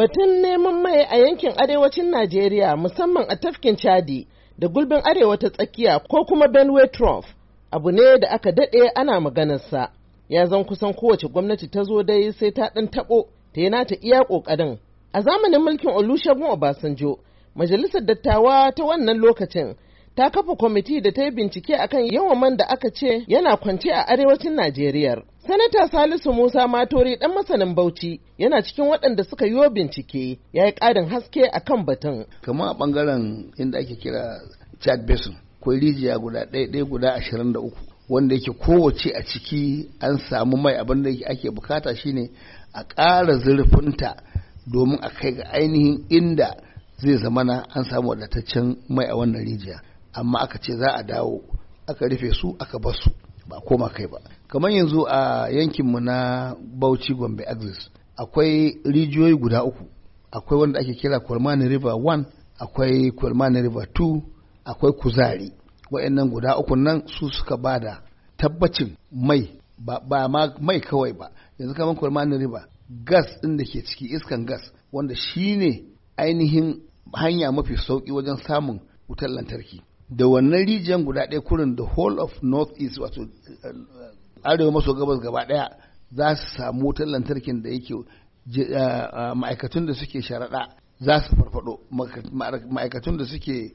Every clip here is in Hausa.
Batun neman mai a yankin arewacin Najeriya musamman a tafkin Chadi da gulbin arewa ta tsakiya ko kuma Benue Trough abu ne da aka daɗe ana maganarsa. Ya zan kusan kowace gwamnati ta zo dai sai ta ɗan taɓo ta yana ta iya ƙoƙarin. A zamanin mulkin Olusegun Obasanjo, majalisar dattawa ta wannan lokacin ta kafa kwamiti da ta yi bincike akan yawan man da aka ce yana kwance a arewacin Najeriya. Sanata Salisu Musa Matori ɗan masanin Bauchi yana cikin waɗanda suka yi bincike ya yi ƙarin haske a kan batun. Kamar a ɓangaren inda ake kira Chad Basin, kwai rijiya guda ɗaya ɗaya guda ashirin da uku wanda yake kowace a ciki an samu mai abin da ake bukata shine a ƙara zurfinta domin a kai ga ainihin inda zai zamana an samu wadataccen mai a wannan rijiya amma aka ce za a dawo aka rufe su aka bar su ba koma kai ba kamar yanzu a yankinmu na bauchi gombe axis akwai rijiyoyi guda uku akwai wanda ake kira kwalmani river 1 akwai kwalmani river 2 akwai kuzari wa'annan guda uku nan su suka ba da tabbacin mai ba, ba ma mai kawai ba yanzu kamar kwalmani river gas ɗin da ke ciki iskan gas wanda shine ainihin hanya mafi sauki wajen samun wutar lantarki da wannan rijiyar guda ɗaya kurin the whole of north east wato uh, uh, arewa maso gabas gaba ɗaya za su samu wutar lantarkin da yake uh, ma'aikatun da suke sharaɗa za su farfado ma'aikatun da suke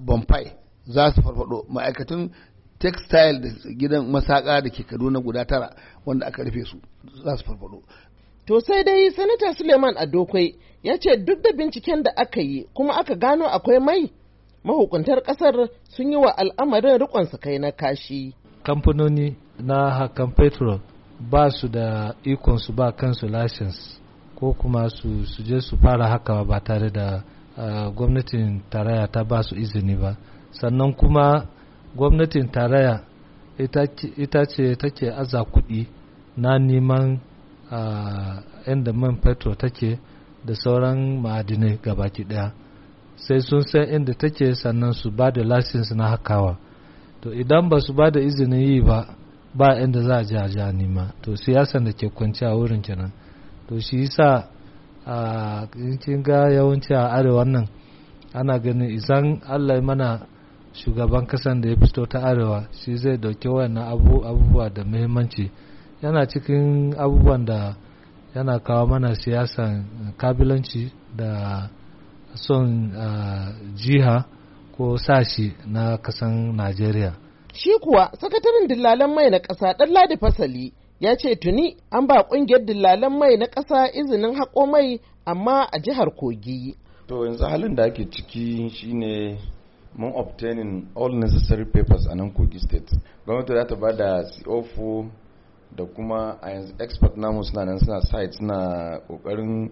Bompai za su farfado ma'aikatun textile da gidan masaka da ke kaduna guda tara wanda aka rufe su za su farfado To sai dai Sanata Suleiman Adokwai ya ce duk da binciken da aka yi kuma aka gano akwai mai mahukuntar kasar sun yi wa al'amarin rikon su kai na kashi kamfanoni na hakan petrol ba su da ikon su ba kansu license ko kuma su je su fara haka ba tare da uh, gwamnatin taraya ta ba su izini ba sannan kuma gwamnatin taraya ita ce take aza kuɗi na neman uh, inda man fetur take da sauran ma'adinai gabaki daya sai sun san inda take sannan su ba da lasins na hakawa to idan ba su ba da izinin yi ba ba inda za a ja ja nima to siyasan da ke kwanci a wurin kenan to shi yasa a kin ga yawanci a arewa nan ana ganin izan allah mana shugaban kasan da ya fito ta arewa shi zai dauki wannan abubuwa da muhimmanci yana cikin abubuwan da yana kawo mana siyasan kabilanci da son ah, jiha ko sashi na kasan najeriya shi kuwa sakataren dillalan mai na ƙasa ɗan ladi fasali ya ce tuni an ba ƙungiyar dillalan mai na ƙasa izinin haƙo mai amma a jihar kogi to yanzu halin da ake ciki shine mun obtaining all necessary papers a nan kogi state gwamnati za ta ba da co da kuma a yanzu expert namu suna nan suna site suna kokarin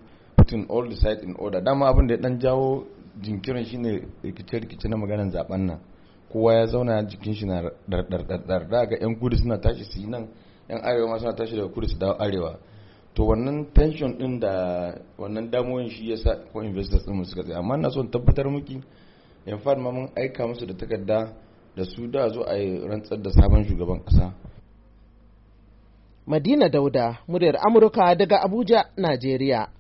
putting all the side in order dama abin da ya dan jawo jinkirin shine rikice-rikice na maganar zaben nan kowa ya zauna jikin shi na dardardardar da ga yan kudu suna tashi su yi nan yan arewa ma suna tashi daga kudu su dawo arewa to wannan tension din da wannan damuwan shi ya sa ko investors din suka tsaye amma na son tabbatar miki in fact ma mun aika musu da takarda da su da zo a yi rantsar da sabon shugaban kasa Madina Dauda, muryar Amurka daga Abuja, Najeriya.